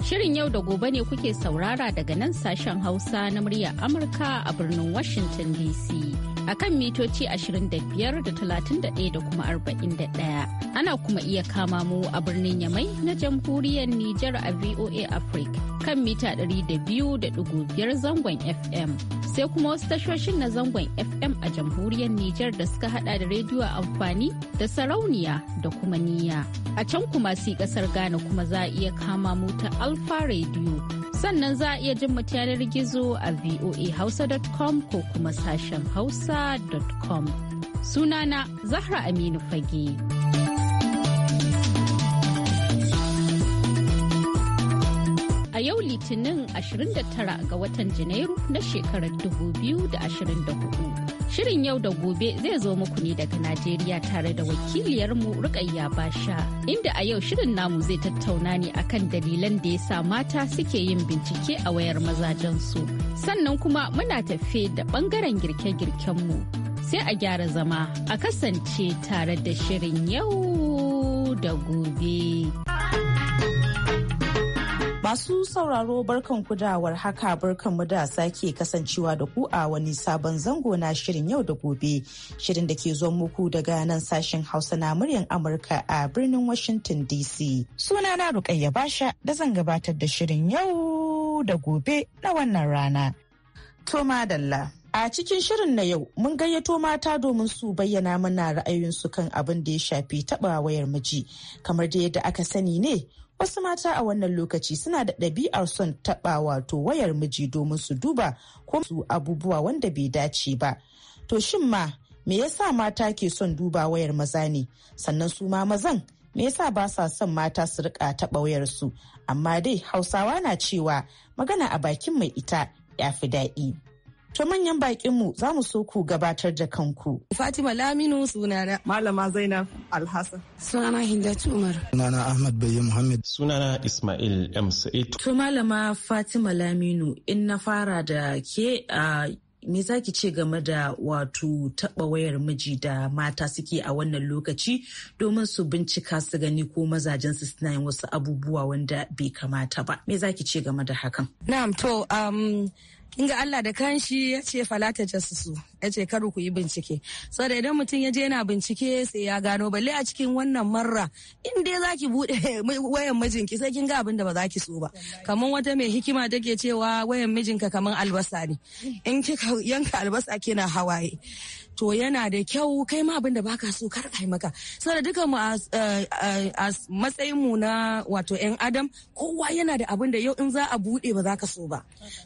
Shirin yau da gobe ne kuke saurara daga nan sashen Hausa na muryar Amurka a birnin Washington DC. a kan mitoci 25 da 31 da kuma 41. Ana kuma iya kama mu a birnin Yamai na jamhuriyar Nijar a VOA Africa kan mita 200.5 zangon FM. Sai kuma wasu tashoshin na zangon FM a jamhuriyar Nijar da suka hada da rediyo amfani da sarauniya da kuma niya. A can kuma si kasar Ghana kuma za a iya kama mu ta Alfa Radio. sannan za a iya jin mu yanar gizo a voahausa.com ko kuma sashen hausa.com sunana zahra aminu fage. litinin 29 ga watan janairu na shekarar 2024 shirin yau da gobe zai zo muku ne daga najeriya tare da wakiliyarmu rukayya basha inda a yau shirin namu zai tattauna ne akan dalilan da ya sa mata suke yin bincike a wayar mazajensu sannan kuma muna tafe da bangaren girke-girkenmu sai a gyara zama a kasance tare da shirin yau da gobe. Masu sauraro barkan ku haka barkan mu da sake kasancewa da ku a wani sabon zango na shirin yau da gobe. Shirin da ke zuwa muku daga nan sashen Hausa na muryan Amurka a birnin Washington DC. Suna na Rukayya Basha da zan gabatar da shirin yau da gobe na wannan rana. Toma Dalla. A cikin shirin na yau mun gayyato mata domin su bayyana mana ra'ayinsu kan abin da ya shafi taɓa wayar miji. Kamar da yadda aka sani ne, wasu mata a wannan lokaci suna da ɗabi'ar son taɓa wato wayar miji domin su duba ko su abubuwa wanda bai dace ba to shin ma me yasa mata ke son duba wayar maza ne sannan su ma mazan me yasa ba sa son mata su rika taɓa wayarsu amma dai hausawa na cewa magana a bakin mai ita ya fi daɗi To manyan baƙinmu za mu so ku gabatar da kanku. Fatima Laminu sunana. Malama Zainab Alhassan. Sunana Hindatu Umar. Sunana Ahmad Bayyan Muhammad. Sunana Ismail M. Sa'id. To Malama Fatima Laminu in na fara da ke a me za ki ce game da wato taɓa wayar miji da mata suke a wannan lokaci domin su bincika su gani ko mazajen su suna yin wasu abubuwa wanda bai kamata ba me za ki ce game da hakan na'am to um, in ga Allah da kanshi ya ce falata su ya ce kar ku yi bincike saboda idan mutum ya je yana bincike sai ya gano balle a cikin wannan marra in dai zaki bude wayan mijinki sai kin ga abin da ba za ki so ba kamar wata mai hikima take cewa wayan mijinka kamar albasa ne in kika yanka albasa kina hawaye to yana da kyau kai ma abin da baka so kar ai maka saboda duka mu a matsayin mu na wato yan adam kowa yana da abin da yau in za a bude ba za ka so ba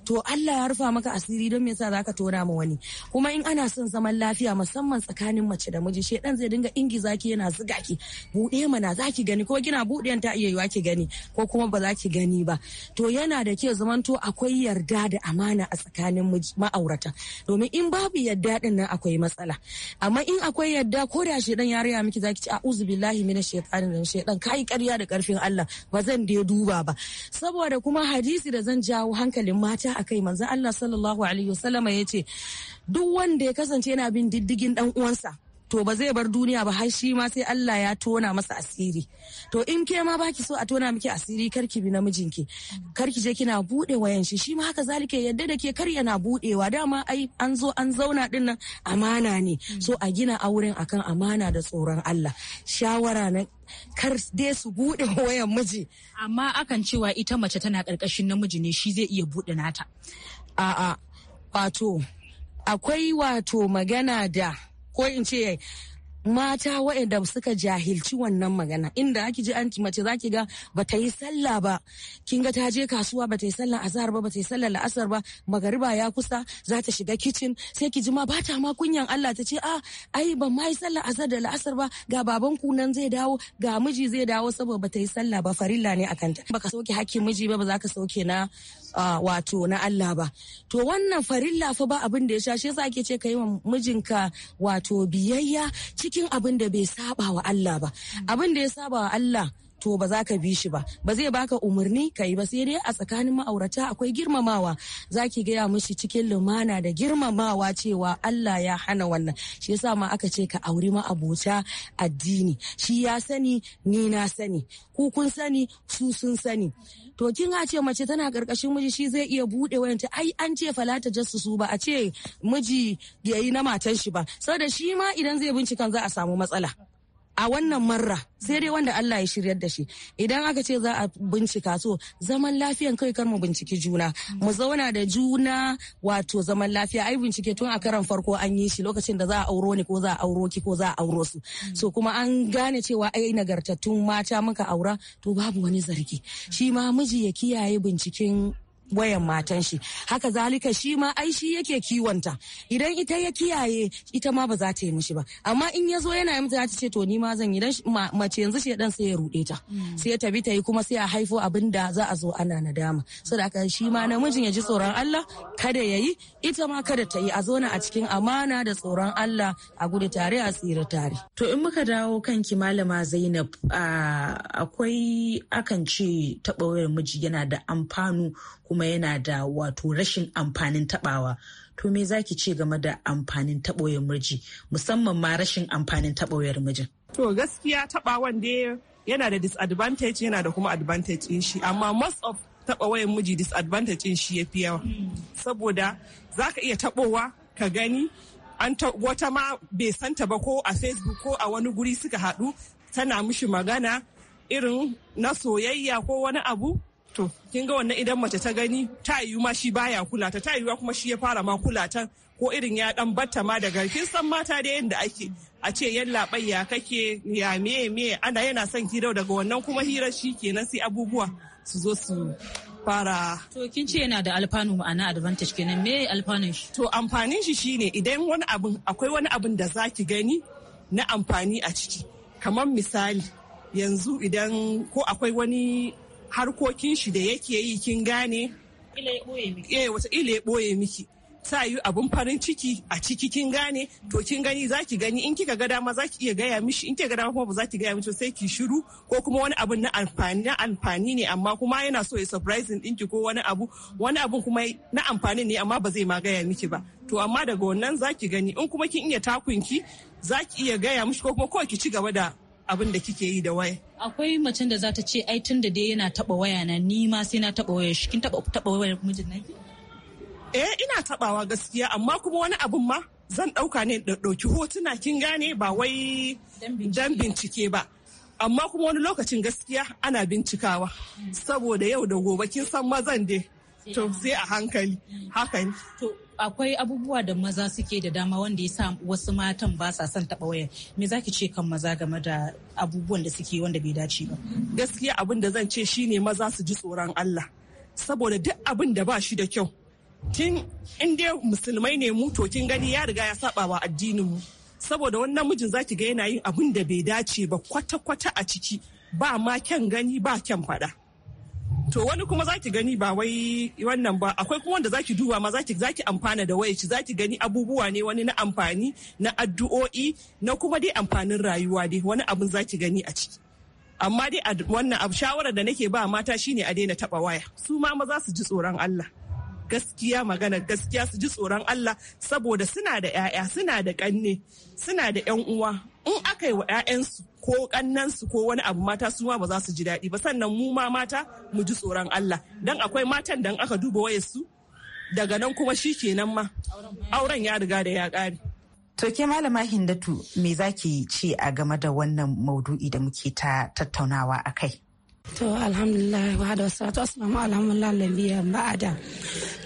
to Allah ya rufa maka asiri don me yasa za ka tona ma wani kuma in ana son zaman lafiya musamman tsakanin mace da miji shedan zai dinga ingi zaki yana zuga ki bude mana zaki gani ko kina buɗe ta iya yiwa ki gani ko kuma ba za ki gani ba to yana da kyau zamanto akwai yarda da amana a tsakanin ma'aurata domin in babu yarda din nan akwai matsala matsala amma in akwai yadda ko da shedan ya raya miki zaki ci a'udhu billahi minash shaitani ran shedan kai ƙarya da ƙarfin Allah ba zan dai duba ba saboda kuma hadisi da zan jawo hankalin mata akai manzo Allah sallallahu alaihi wasallama yace duk wanda ya kasance yana bin diddigin dan uwansa to ba zai bar duniya ba har shi ma sai Allah ya tona masa asiri to in ke ma baki so a tona miki asiri kar ki bi namijinki kar ki je kina bude wayan shi shi ma haka zalike yadda da ke kar yana budewa dama ai an zo an zauna din nan amana ne so a gina auren akan amana da tsoron Allah shawara na kar dai su bude wayan miji amma akan cewa ita mace tana karkashin namiji ne shi zai iya bude nata a'a wato akwai wato magana da ko mata waɗanda suka jahilci wannan magana inda ake ji an mace zaki ga bata yi sallah ba kin ga ta je kasuwa bata yi sallah azhar ba bata yi sallah la'asar ba magariba ya kusa za ta shiga kicin sai ki ji ma bata ma kunyan Allah ta ce a ah, ai ban ma yi sallah azhar da la'asar ba ga baban ku nan zai dawo ga miji zai dawo saboda bata yi sallah ba farilla ne akan ta baka soke hakkin miji ba ba za ka soke na wato na Allah ba to wannan farilla fa ba abin da ya sha shi yasa ake ce ka yi wa mijinka wato biyayya cikin abin da bai saba wa Allah ba abin da ya saba wa Allah to ba za ka bi shi ba ba zai baka umarni ka yi ba sai dai a tsakanin ma'aurata akwai girmamawa za ki gaya mishi cikin lumana da girmamawa cewa Allah ya hana wannan shi yasa ma aka ce ka auri ma'abota addini shi ya sani ni na sani ku kun sani su sun sani to kin ce mace tana karkashin miji shi zai iya bude ta ai an ce falata su ba a ce miji yayi na matan shi ba saboda shi ma idan zai bincikan za a samu matsala a wannan marra sai dai wanda Allah ya shiryar da shi idan aka ce za a bincika so zaman lafiyan kai kar mu binciki juna mu zauna da juna wato zaman lafiya ai bincike tun a karan farko an yi shi lokacin da za a auro ni ko za a auro ki ko za a auro su so kuma an gane cewa ai nagartattun mata muka aura to babu wani zargi shi ma miji ya kiyaye binciken wayan matan shi haka zalika shi ma ai shi yake kiwonta idan ita ya kiyaye ita ma ba za ta yi mishi ba amma in ya zo yana yi mata ce to ni ma zan yi dan mace yanzu shi dan sai ya rude ta mm. sai ya tabi ta yi kuma sai a haifo abin da za a zo ana nadama saboda haka shi ma namijin ya ji tsoron Allah kada ya yi ita ma kada ta yi a zona a cikin amana da tsoron Allah a gudu tare a tsira tare to in muka dawo kanki malama Zainab ah, akwai akan ce taɓa wayar miji yana da amfanu kuma kuma yana da wato rashin amfanin tabawa to me za ki ce game da amfanin taɓoyar murji musamman ma rashin amfanin taɓoyar mijin to gaskiya taɓawan dai yana da disadvantage yana da kuma advantage in shi amma most of wayan miji disadvantage in shi ya fi yawa saboda za ka iya taɓowa ka gani an wata ma bai santa ba ko a facebook ko a wani guri suka haɗu tana mishi magana irin na soyayya ko wani abu to kin ga wannan idan mace ta gani ta yiwu ma shi baya kula ta ta yiwuwa kuma shi ya fara ma kula ta ko irin ya dan batta ma daga kin san mata da yadda ake a ce yallaɓai ya kake ya meye meye ana yana son dau daga wannan kuma hira shi kenan sai abubuwa su zo su fara. To kin ce yana da alfanu ma'ana advantage kenan me alfanun shi? To amfanin shi shine idan wani abin akwai wani abin da zaki gani na amfani a ciki. Kamar misali yanzu idan ko akwai wani harkokin shi da yake yi kin gane wata ile boye miki eh, ta yi abun farin ciki a ciki kin gane to kin gani za ki gani in kika ga dama ki iya gaya mishi in kika ga dama kuma ba za ki gaya mishi sai ki shiru ko kuma wani abun na amfani na amfani ne amma kuma yana so ya surprising ki ko wani abu wani abun kuma na amfani ne amma ba zai ma gaya miki ba to amma daga wannan za ki gani in kuma kin iya takunki ki iya gaya mishi ko kuma ko ki ci gaba da abin da kike yi da waya. Akwai macen da za ta ce ai tun da dai yana taba waya na ni ma sai na taba waya shi kin taba taba waya mijin naki? Eh ina tabawa gaskiya amma kuma wani abin ma zan dauka ne da dauki hotuna kin gane ba wai dan bincike ba. Amma kuma wani lokacin gaskiya ana bincikawa saboda yau da gobe kin san mazan dai to sai a hankali hakan. To akwai abubuwa da maza suke da dama wanda ya sa wasu matan ba sa son taba wayar me zaki ce kan maza game da abubuwan da suke wanda bai dace ba gaskiya abin da zan ce shine maza su ji tsoron Allah saboda duk abin da ba shi da kyau tun in dai musulmai ne mu kin gani ya riga ya saba wa addinin mu saboda wani namijin zaki ga yana yin abin da bai dace ba kwata-kwata a ciki ba ma kyan gani ba kyan faɗa to wani kuma zaki gani ba wai wannan ba akwai kuma wanda zaki duba ma zaki zaki amfana da za zaki gani abubuwa ne wani na amfani na addu'o'i na kuma dai amfanin rayuwa dai wani abun zaki gani a ciki amma dai wannan abu shawarar da nake ba mata shine a daina taba waya su ma maza su ji tsoron Allah gaskiya magana gaskiya su ji tsoron Allah saboda suna da 'ya'ya suna da ƙanne suna da 'yan uwa in aka yi wa 'ya'yansu ko kannansu ko wani abu mata su ma ba za su ji daɗi ba sannan mu ma mata mu ji tsoron Allah dan akwai matan dan aka duba su daga nan kuma shi kenan ma auren ya riga da ya ƙare. To ke malama Hindatu me zaki ce a game da wannan maudu'i da muke ta tattaunawa a kai? To alhamdulillah wa hada wasu asalamu alhamdulillah lambiya ba'ada.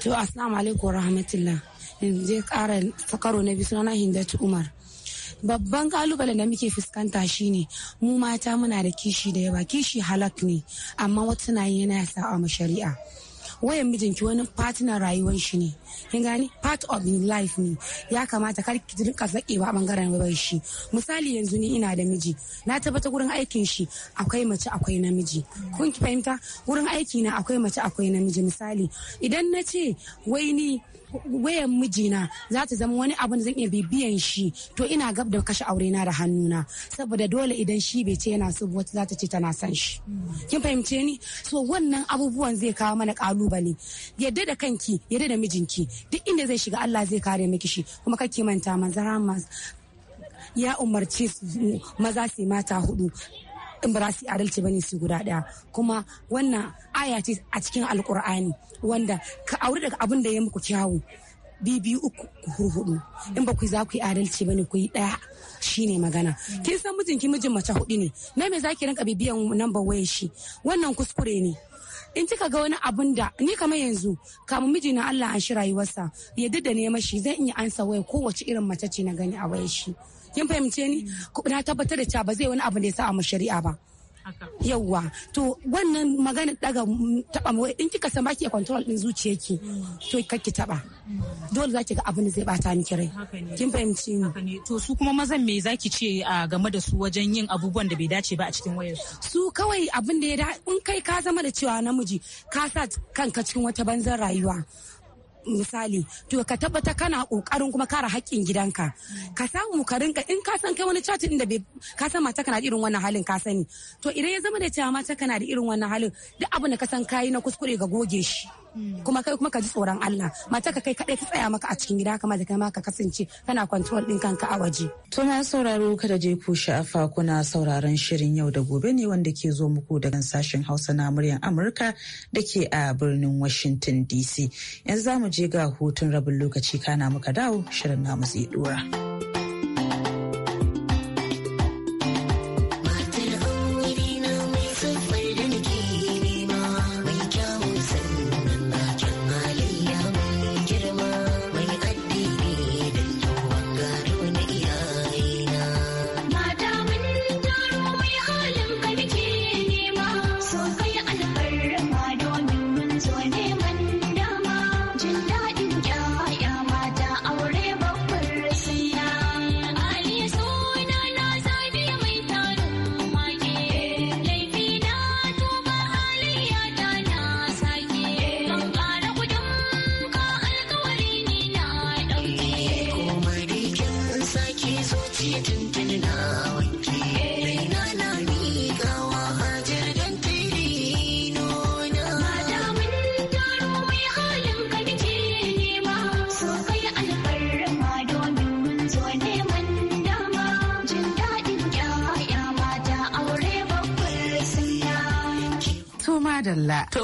To assalamu alaikum rahmatullah. je kara sakaro na biyu na Hindatu Umar. Babban kalubale da muke fuskanta shine mu mata muna da kishi da yawa kishi halak ne amma wata na yana sa'a mu shari'a. wayan mijinki wani partner rayuwar shi ne kin gani part of the life ne ya kamata kar ki rinka zake ba bangaren ba shi misali yanzu ni ina da miji na tabbata gurin aikin shi akwai mace akwai namiji kun ki fahimta gurin aiki na akwai mace akwai namiji misali idan na ce wai ni wayan mijina za ta zama wani abu da zan iya bibiyan shi to ina gab da kashe aure na da hannuna saboda dole idan shi bai ce yana so wata za ta ce tana son shi kin fahimce ni so wannan abubuwan zai kawo mana kalubale yadda da kanki yadda da mijinki duk inda zai shiga Allah zai kare miki shi kuma kake manta manzara ya umarci maza su mata hudu din ba za su yi adalci bane su guda daya kuma wannan aya ce a cikin alkur'ani wanda ka aure daga abin da ya muku kyawu biyu uku ku hurhudu in ba ku za ku yi adalci bane ku yi daya shine magana kin san mijin ki mijin mace hudu ne na me zaki rinka bibiyan namba wayar shi wannan kuskure ne in kika ga wani abun da ni kamar yanzu kamun miji na Allah an shi rayuwarsa ya da ne mashi zan iya ansa waya kowace irin mace ce na gani a wayar shi kin fahimce ni na tabbatar da cewa ba zai wani abu da ya sa mu shari'a ba yauwa to wannan magana daga taba mu in kika san baki control din zuciyarki to ki taba dole zaki ga abin da zai bata miki rai kin fahimce ni to su kuma mazan me zaki ce a game da su wajen yin abubuwan da bai dace ba a cikin wayar su kawai abin da ya da in kai ka zama da cewa namiji ka sa kanka cikin wata banzan rayuwa misali to ka tabbata kana kokarin kuma kare haƙƙin gidanka ka samu ka rinka in ka san kai wani chatin inda bai ka san mata kana da irin wannan halin ka sani to idan ya zama da cewa mata kana da irin wannan halin duk abin da ka san kayi na kuskure ga goge shi kuma kai kuma ka ji tsoron Allah mata ka kai kadai ka tsaya maka a cikin gida kamar da kai ma ka kasance kana control din kanka a waje to na sauraro kada je ku sha'afa kuna sauraron shirin yau da gobe ne wanda ke zo muku daga sashen Hausa na muryar Amurka dake a birnin Washington DC yanzu za je ga hutun rabin lokaci kana muka dawo shirin namu zai dora.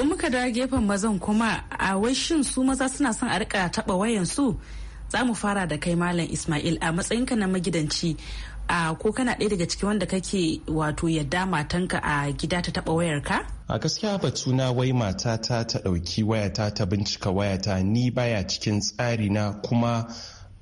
in muka dawo gefen mazan kuma a wai shin su maza suna son a rika taba wayan su za mu fara da kai malam ismail a matsayinka na magidanci a ko kana ɗaya daga cikin wanda kake wato yadda matanka a gida ta taba wayar ka a gaskiya batuna wai matata ta ɗauki wayata ta bincika wayata ni baya cikin tsari na kuma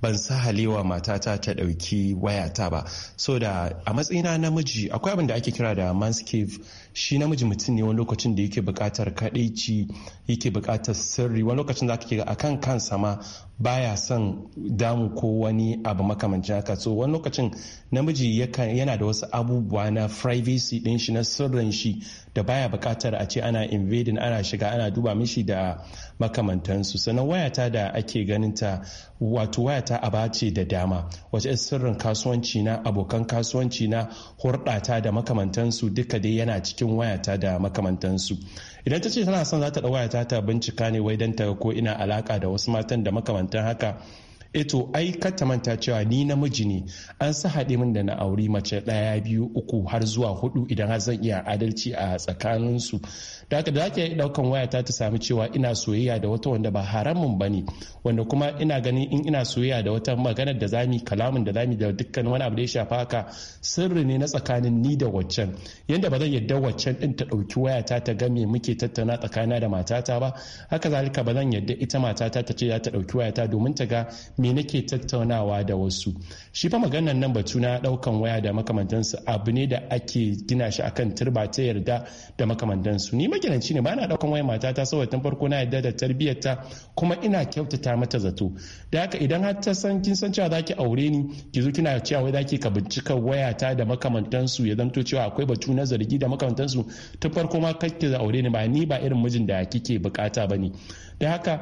ban sa halewa matata ta ɗauki wayata ba so da a matsayina namiji akwai abin da ake kira da manscave shi namiji mutum ne wani lokacin da yake buƙatar kadaici yake buƙatar sirri wani lokacin da aka ga akan kansa ma baya son damu ko wani abu makamancin haka so wani lokacin namiji yana da wasu abubuwa na privacy din shi na sirrin shi da baya bukatar a ce ana invading ana shiga ana duba mishi da makamantansu sannan wayata da ake ganin ta wato wayata aba ce da dama wace sirrin kasuwanci na abokan kasuwanci na hurɗata da makamantansu duka dai yana cikin wayata da makamantansu idan ta ce tana son za ta wayata ta bincika ne wai don ta ko ina alaka da wasu matan da makamantan haka eto eh ai ta manta cewa ni namiji ne an sa haɗe min da na auri mace ɗaya biyu uku har zuwa hudu idan har zan iya adalci a tsakaninsu da haka da ake ɗaukan wayata ta sami cewa ina soyayya da wata wanda ba haramun ba ne wanda kuma ina ganin in ina soyayya da wata maganar da zami kalamin da zami da dukkan wani abu da ya shafa haka sirri ne na tsakanin ni da waccan yadda ba zan yadda waccan ɗin ta ɗauki wayata ta ga me muke tattauna tsakanina da matata ba haka zalika ba zan yadda ita matata ta ce za ta ɗauki wayata domin ta ga me nake tattaunawa da wasu shi fa maganar nan batu na daukan waya da makamantansu abu ne da ake gina shi akan turba ta yarda da makamantansu ni magidanci ne bana daukan waya matata saboda tun farko na yarda da tarbiyyarta kuma ina kyautata mata zato da haka idan har ta san kin san cewa zaki aure ni ki zo kina cewa wai zaki ka bincika wayata da makamantansu ya zanto cewa akwai batu na zargi da makamantansu tun farko ma kake aure ni ba ni ba irin mijin da kike bukata bane da haka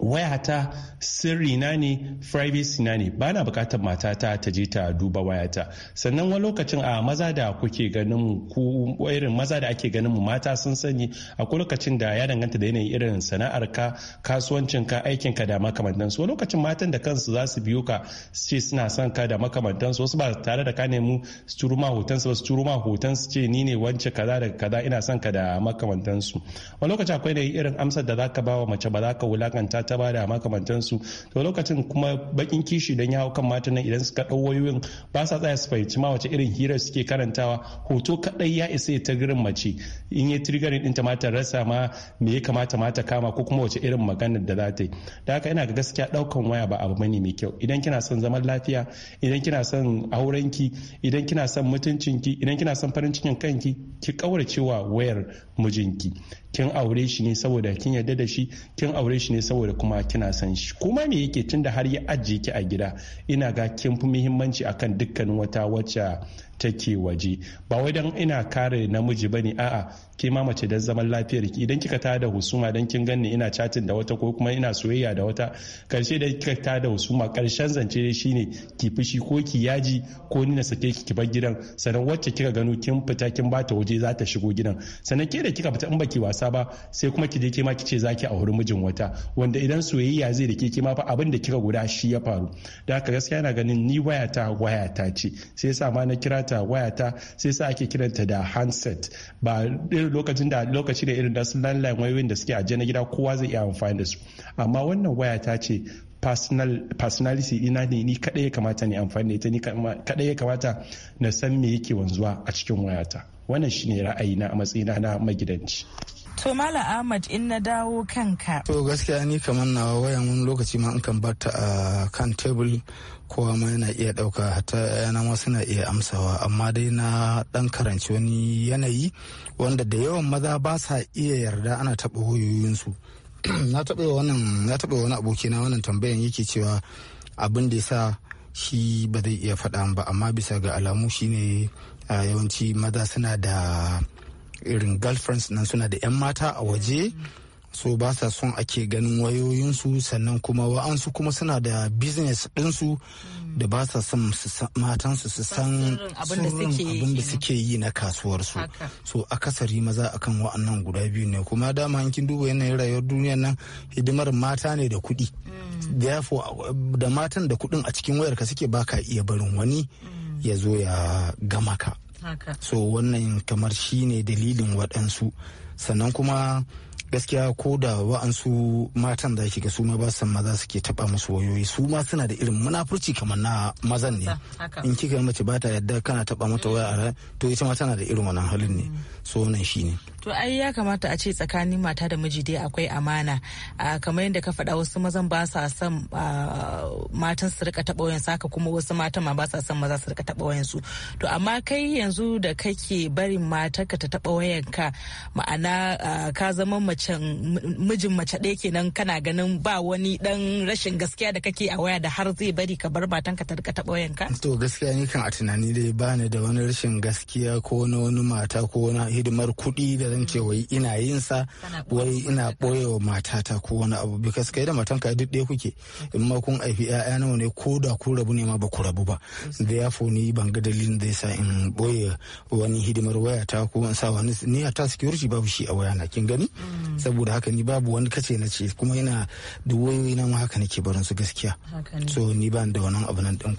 wayata sirri na ne privacy na ne ba na bukatar matata ta je ta duba wayata sannan wani lokacin a maza da kuke ganin ku irin maza da ake ganin mu mata sun sani akwai lokacin da ya danganta da yanayin irin sana'ar ka kasuwancin ka aikin ka da makamantan su lokacin matan da kansu za su biyo ka su ce suna son ka da makamantan su wasu ba tare da ka nemi su turu ma hoton su ba su turu ma hoton su ce ni ne wance kaza da kaza ina son ka da makamantan su wani lokacin akwai da irin amsar da zaka ba wa mace ba za ka wulakanta ta makamantan su to lokacin kuma bakin kishi dan ya hau kan matan nan idan suka dau wayoyin ba sa tsaya su fahimci ma wace irin hirar suke karantawa hoto kadai ya isa ta girin mace in ya triggering din ta mata rasa ma me ya kamata mata kama ko kuma wace irin maganar da za ta yi da haka ina ga gaskiya daukan waya ba abu bane mai kyau idan kina son zaman lafiya idan kina son aurenki idan kina son mutuncinki idan kina son farin cikin kanki ki wa wayar mijinki kin aure shi ne saboda kin yarda da shi kin aure shi ne saboda kuma kina san shi kuma me yake tunda har ya ajiye ki a gida ina ga kin fi muhimmanci akan dukkanin wata wacce take waje ba wai dan ina kare namiji bane a'a ke ma mace don zaman lafiyar ki idan kika ta da husuma don kin ganni ina chatin da wata ko kuma ina soyayya da wata karshe da kika ta da husuma karshen zance shine ki fushi ko ki yaji ko ni na sake ki bar gidan sannan wacce kika gano kin fita kin bata waje za ta shigo gidan sannan ke da kika fita in ba ki wasa ba sai kuma ki je ke ma ki ce zaki auri mijin wata wanda idan soyayya zai da ke ke ma fa abin da kika guda shi ya faru da haka gaskiya ina ganin ni wayata wayata ce sai sa ma na kira ta wayata sai sa ake kiranta da handset ba lokacin da lokaci da irin da su landline wayoyin da suke ajiye na gida kowa zai iya amfani da su amma wannan waya ta ce personal personality ina ne ni kadai ya kamata ne amfani da ita ni kadai ya kamata na san me yake wanzuwa a cikin wayata wannan shine na a matsayina na magidanci To Mala Ahmad in na dawo kanka. To gaskiya ni kamar na wayan wani lokaci ma in kan bata a kan tebul kowa ma yana iya ɗauka hata yana ma suna iya amsawa amma dai na ɗan karanci wani yanayi wanda da yawan maza ba sa iya yarda ana taɓa hoyoyinsu na taba wannan na taba wani aboki na wannan tambayan yake cewa abin da yasa shi ba zai iya faɗa ba amma bisa ga alamu shine yawanci maza suna da irin girlfriends nan suna da 'yan mata a waje so ba sa son ake ganin wayoyinsu sannan kuma wa'ansu kuma suna da business ɗinsu da ba sa son matansu su san abin da suke yi na kasuwarsu so akasari maza akan wa'annan guda biyu ne kuma dama kin duba yanayin rayuwar duniya nan hidimar mata ne da kuɗi mm. da matan da kuɗin a cikin wayarka suke baka iya barin wani mm. ya zo ya gama ka so wannan kamar shi ne dalilin waɗansu sannan kuma gaskiya ko da wa'ansu matan za ki ga su ma ba san maza suke taba musu wayoyi su ma suna da irin munafurci kamar na mazan ne in kika mace ba ta yadda kana taba mata waya a to ita ma tana da irin wannan halin ne mm. so wannan shi ne. to ai ya kamata a ce tsakanin mata da miji dai akwai amana kamar yadda ka faɗa wasu mazan ba sa son matan su rika taɓa wayansu haka kuma wasu matan ma ba sa son maza su rika taɓa wayansu to amma kai yanzu da kake barin matarka ta taɓa wayanka ma'ana ka zama mijin mace ɗaya kenan kana ganin ba wani dan rashin gaskiya da kake a waya da har zai bari ka bar matanka ta rika taɓa wayanka to gaskiya ni kan a tunani dai bani da wani rashin gaskiya ko na wani mata ko wani hidimar kuɗi da zan ce wai ina yin sa wai ina boyewa matata ko wani abu because kai da ka duk kuke in ma kun aifi ƴaƴa nawa ne ko da ku rabu ne ma ba ku rabu ba therefore ni ban ga dalilin da yasa in boye wani hidimar waya ta ko in sa wani ni ta security babu shi a waya na kin gani mm. saboda haka ni babu wani kace na ce kuma ina duk wayoyi na ma haka nake barin su gaskiya so ni ban da wannan abu nan ku.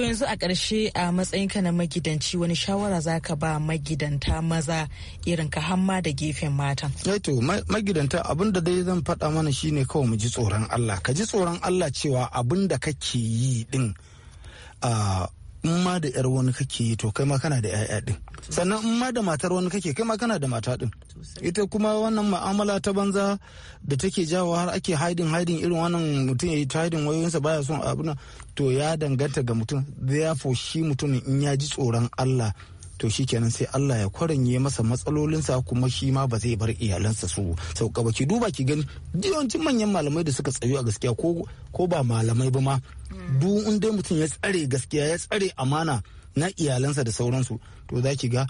To yanzu a ƙarshe a matsayinka na magidanci wani shawara za ka ba magidanta maza irin ka hamma da gefen matan. yaito eh magidanta abin da dai zan faɗa mana shine kawai mu ji tsoron Allah. Ka ji tsoron Allah cewa abin da kake yi din ah, in ma da yar wani kake yi to kai ma kana da yaya din sannan in ma da matar wani kake kai ma kana da mata din ita kuma wannan ma'amala ta banza da take jawo har ake haidin haidin irin wannan mutum ya yi ta haidin wayoyinsa baya son abuna to ya danganta ga mutum therefore shi mutumin in ya ji tsoron Allah to shi kenan sai Allah ya kwaranye masa matsalolinsa kuma shi ma ba zai bar iyalansa su sauka ba ki duba ki gani yawancin manyan malamai da suka tsayo a gaskiya ko ba malamai ba ma duk in dai mutum ya tsare gaskiya ya tsare amana na iyalansa da sauransu to za ki ga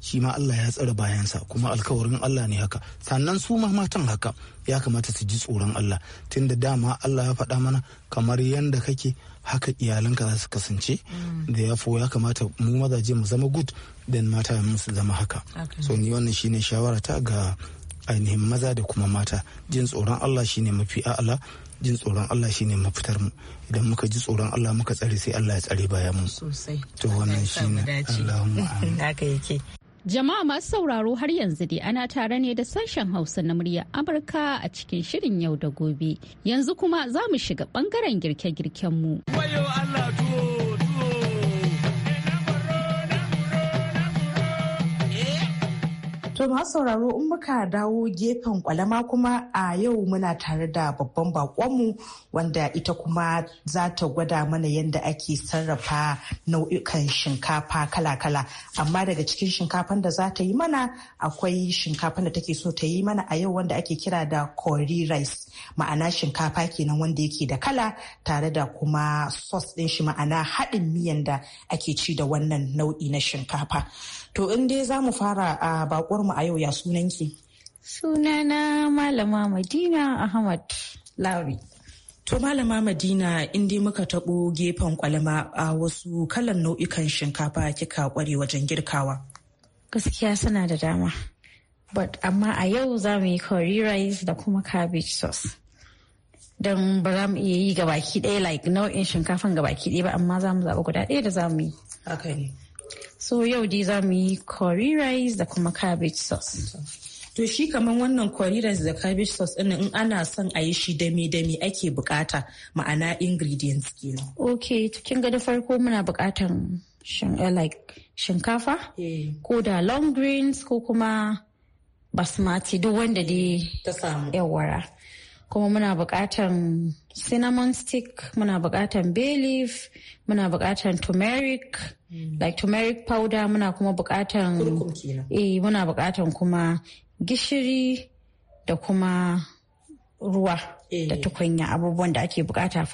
shi ma Allah ya tsare bayansa kuma alkawarin Allah ne haka sannan su ma matan haka ya kamata su ji tsoron Allah tunda dama Allah ya faɗa mana kamar yanda kake haka iyalanka za su kasance da mm. ya ya kamata mu mazaje mu zama good dan mata mu su zama haka so ni wannan shine shawara ta ga ainihin maza da kuma mata jin tsoron Allah shine mafi a'ala jin tsoron Allah shine mafitar mu idan muka ji tsoron Allah muka tsare sai Allah ya tsare bayan mu to wannan shine Allahumma amin haka yake Jama'a masu sauraro har yanzu dai ana tare ne da sashen Hausa na muryar Amurka a cikin shirin yau da gobe. Yanzu kuma za mu shiga bangaren girke-girkenmu. mu. To masu sauraro in muka dawo gefen kwalama kuma a yau muna tare da babban bakonmu wanda ita kuma za ta gwada mana yadda ake sarrafa nau'ikan shinkafa kala-kala. Amma daga cikin shinkafan da za ta yi mana akwai shinkafan da take so ta yi mana a yau wanda ake kira da curry rice ma'ana shinkafa kenan wanda yake da kala tare da kuma sauce ɗin shi ma'ana haɗin miyan da ake ci da wannan nau'i na shinkafa. To in dai za mu fara a bakwar mu a yau ya sunanki. Sunana Malama Madina Ahmad Lauri. To Malama Madina in dai muka taɓo gefen kwalama a wasu kalan nau'ikan shinkafa kika kware wajen girkawa. Gaskiya suna da dama. But amma a yau za mu yi curry rice da kuma cabbage sauce. Don ba za mu iya yi gabaki ɗaya like nau'in shinkafan gabaki ɗaya ba amma za mu zaɓi guda ɗaya da za mu yi. So yau dai za mu yi curry rice da kuma cabbage sauce. To shi kamar wannan curry rice da cabbage sauce ɗin in ana son a yi shi dame dame ake bukata ma'ana ingredients kenan. Okay, kin ga da farko muna bukatan eh, shinkafa eh. ko da long greens ko kuma basmati duk wanda dai ta samu yawara. Kuma muna bukatan cinnamon stick muna bukatan bay leaf muna bukatan turmeric mm. like turmeric powder muna kuma eh, muna kuma gishiri da kuma ruwa eh. da tukunya abubuwan da ake bukata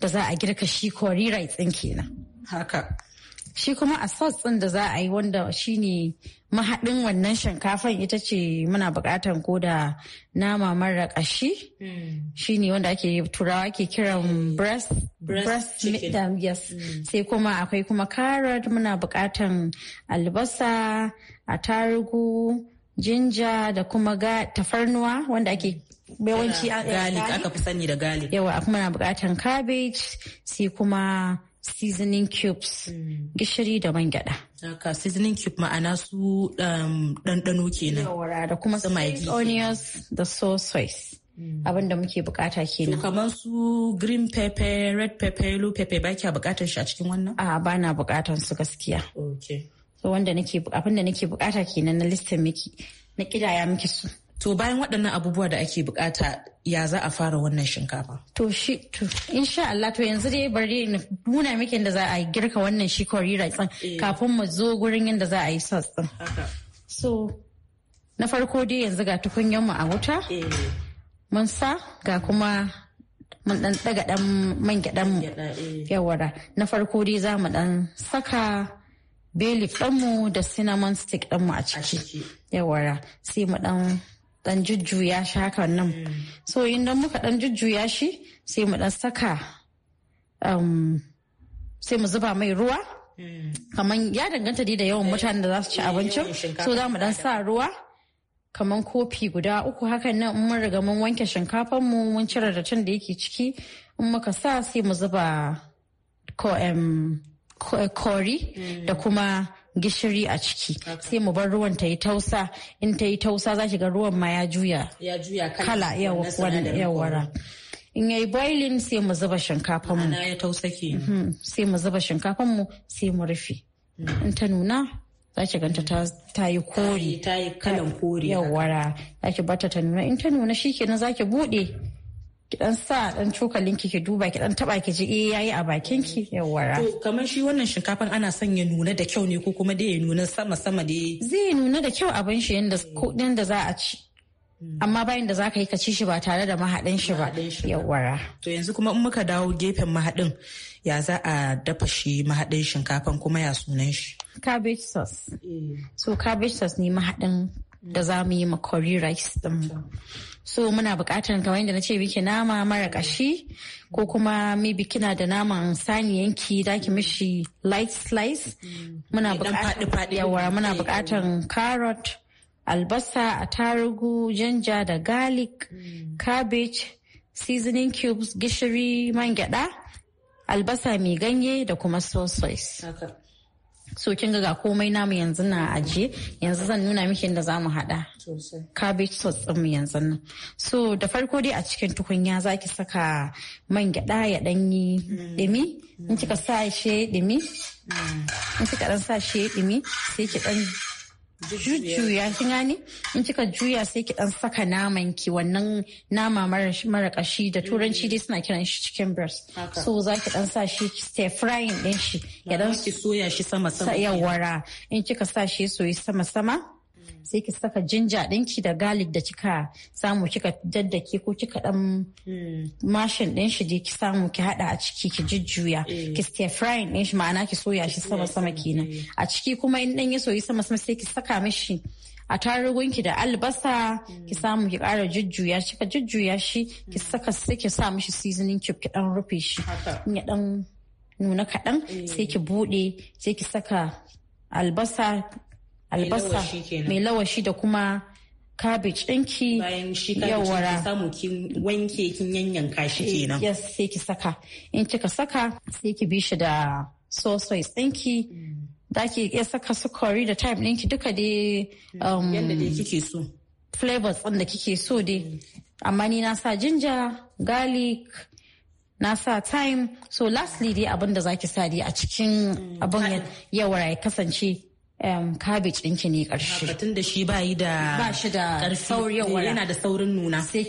da za a girka shi kori rice ɗin kenan haka shi kuma a sauce ɗin da za a yi wanda shi ne mahaɗin wannan shinkafan ita ce muna buƙatan ko da nama mara ƙashi hmm. shi ne wanda ake turawa ake kiran breast breast um, yes hmm. sai kuma akwai kuma carrot muna buƙatan albasa atarugu jinja da kuma tafarnuwa wanda ake hmm. yawanci eh, aka fi sani da garlic yawa kuma na buƙatan cabbage sai kuma seasoning cubes hmm. gishiri da man gyada. Haka seasoning cube ma'ana su um, ɗanɗano kenan. Yawara da kuma sweet onions da so sauce. Hmm. Abin da muke bukata kenan. Kamar su green pepper, red pepper, yellow pepper ba kya bukatar shi a cikin wannan? A ba na bukatar su gaskiya. Okay. So wanda nake abin da nake bukata kenan na listin miki na kidaya miki su. To bayan waɗannan abubuwa da ake bukata ya za a fara wannan shinkafa? To shi to insha Allah to yanzu dai bari na nuna miki da za a girka wannan shi kori tsin eh. kafin mu zo gurin yadda za a yi sas tsan. So na farko dai yanzu ga tukunyar mu a wuta. Eh. Mun sa ga kuma mun ɗan daga dan man gyadan mu. Yawara eh. na farko dai za mu dan saka bay leaf mu da cinnamon stick mu a ciki. Yawara sai mu dan dan jujjuya shi hakan nan mm. so idan muka dan jujjuya shi sai mu dan saka um, sai mu zuba mai ruwa mm. kamar ya danganta da yawan eh, mutanen da za su ci eh, abincin so za mu dan sa ruwa Kaman kofi guda uku hakan nan mun riga mun wanke shinkafan mu mun cire da da yake ciki in muka sa sai mu zuba kori eh, mm. da kuma gishiri a ciki sai mu bar ruwan ta yi tausa in ta yi tausa za ki ga ruwan ma ya juya kala yawara in yayi boiling sai mu zuba shinkafan mu mhm. sai mu zuba shinkafan mu sai mu rufe mm. in ta nuna za ki ganta ta yi kore ta yi kalan yawara za ki bata ta nuna in ta nuna shikenan za ki bude ki dan sa dan cokalin ki ki duba ki dan taba ki ji eh yayi a bakin ki yawara to kamar shi wannan shinkafan ana son ya nuna da kyau ne ko kuma dai ya nuna sama sama dai zai nuna da kyau abin shi yanda mm. kudin da za a ci mm. amma bayan da za ka yi ka ci shi ba tare da mahadin shi ba yawara to yanzu kuma in muka dawo gefen mahaɗin ya za a dafa shi mahaɗin shinkafan kuma ya sunan shi cabbage sauce eh. so cabbage sauce ne mahaɗin da mm. za mu yi curry rice din so muna buƙatar kamar yadda na ce biki nama mara ƙashi ko kuma mi bikina da naman saniyanki daki mishi light slice muna buƙatar muna buƙatar carrot albasa atarugu janja da garlic mm. cabbage seasoning cubes gishiri man gyada albasa mai ganye da kuma sauce so kin ga komai namu yanzu na ajiye yanzu zan nuna miki yadda zamu hada cabbage sauce din mu yanzu nan so da farko dai a cikin tukunya zaki saka man gyada ya danyi dimi mm. in mm. kika sa shi mm. in kika dan sa shi sai ki dan jujjuya kin in kika juya sai ki dan saka naman ki wannan nama mara kashi da turanci dai suna kiran shi chicken breast so za ki dan sa shi stir frying din shi ya dan soya shi sama sama yawara in kika sa shi soyi sama sama sai ki saka jinja ɗinki da garlic da kika samu kika daddake ko kika ɗan hmm. mashin ɗin shi je ki samu ki hada a ciki ki jujjuya eh. ki stir frying ɗin shi ma'ana ki soya shi sama sama kenan eh. a ciki kuma in ɗan ya soyi sama sama sai ki saka mishi a ki da albasa hmm. ki samu ki kara jujjuya shi ka jujjuya shi ki hmm. saka sai ki sa mishi seasoning cube ki dan rufe shi In ya dan nuna kaɗan eh. sai ki buɗe sai ki saka albasa albasa mai lawashi da kuma cabbage ɗinki yawara samu wanke kin yanyanka shi eh, kenan yes sai ki saka in kika saka sai ki bi shi da sosai ɗinki da mm. ke iya saka sukari da time ɗinki duka dai mm. um, yadda dai kike so flavors ɗin da kike so dai mm. amma ni na sa ginger garlic na sa time so lastly dai abin da zaki sa dai a cikin abin yawara ya kasance um, cabbage ɗinki ne ƙarshe. Batun da shi ba yi da ba shi da saurin eh, yana da saurin nuna. Sai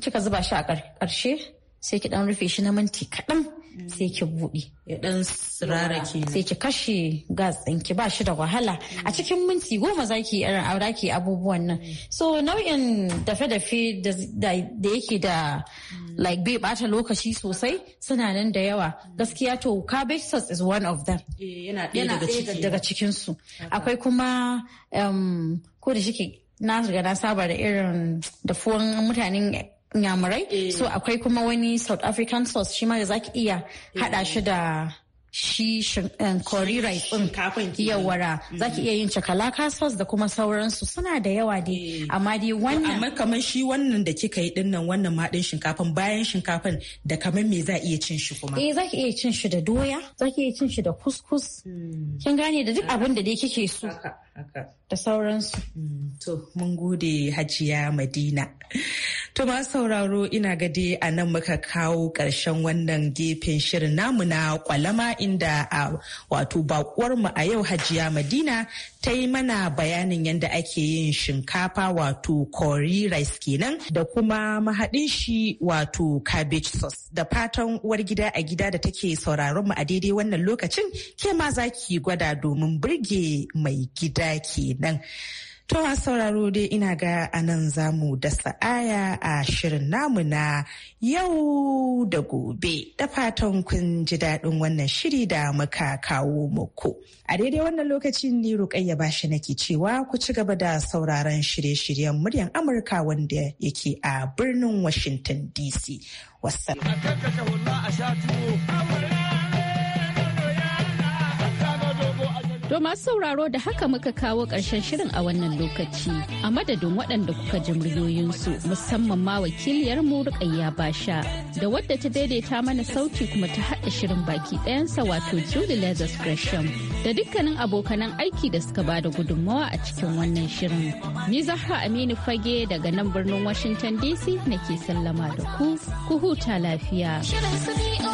kika zuba shi a ƙarshe sai ki dan rufe shi na minti kaɗan mm. sai ki buɗe. Ya dan sirara ke. Sai ki kashe gas ɗin ki ba shi da wahala. Mm. A cikin minti goma zaki ki irin aura ki abubuwan nan. Mm. So nau'in dafe-dafe da yake da like bai bata lokaci sosai suna nan da yawa. Gaskiya to cabbage sauce is one of them. Eh, yana ɗaya daga cikin su. Akwai kuma um, ko da shi na riga na saba da irin dafuwan mutanen nyamurai eh. so akwai kuma wani south african sauce shi ma da zaki iya eh. hada shi da shi kori eh, rice din yawara ki iya yin chakalaka sauce da kuma sauransu suna da yawa dai amma dai wannan amma kamar shi wannan da kika yi dinnan wannan madin shinkafan bayan shinkafan da kamar me za iya cin shi kuma eh ki iya cin shi da doya za ki iya cin shi da kuskus hmm. kin gane da duk abin da dai kike so da sauransu. Mm. To, mun gode Hajiya Madina. To masu sauraro ina gade a nan muka kawo ƙarshen wannan gefen shirin namu na kwalama inda a wato mu a yau Hajiya Madina ta yi mana bayanin yadda ake yin shinkafa wato curry rice kenan da kuma mahaɗin shi wato cabbage sauce. Da fatan uwar gida a gida da take sauraron mu a daidai wannan lokacin ke ma za ki gwada domin burge mai gida. ɗaya nan. To sauraro dai ina ga anan za mu dasa aya a shirin namu na yau da gobe. Da fatan kun ji daɗin wannan shiri da muka kawo muku. A daidai wannan lokacin ne Rukayya bashi nake cewa ku ci gaba da sauraron shirye-shiryen muryan Amurka wanda yake a birnin Washington DC. Wasu. To masu sauraro da haka muka kawo ƙarshen shirin a wannan lokaci a madadin waɗanda kuka ji muryoyinsu musamman ma wakiliyar mu Rukayya Basha da wadda ta daidaita mana sauti kuma ta haɗa shirin baki ɗayansa wato Julie Lazarus Gresham da dukkanin abokanan aiki da suka ba da gudunmawa a cikin wannan shirin. Ni Zahra Aminu Fage daga nan birnin Washington DC nake sallama da ku, ku huta lafiya. Shirin su ba.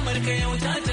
Amurka yau ta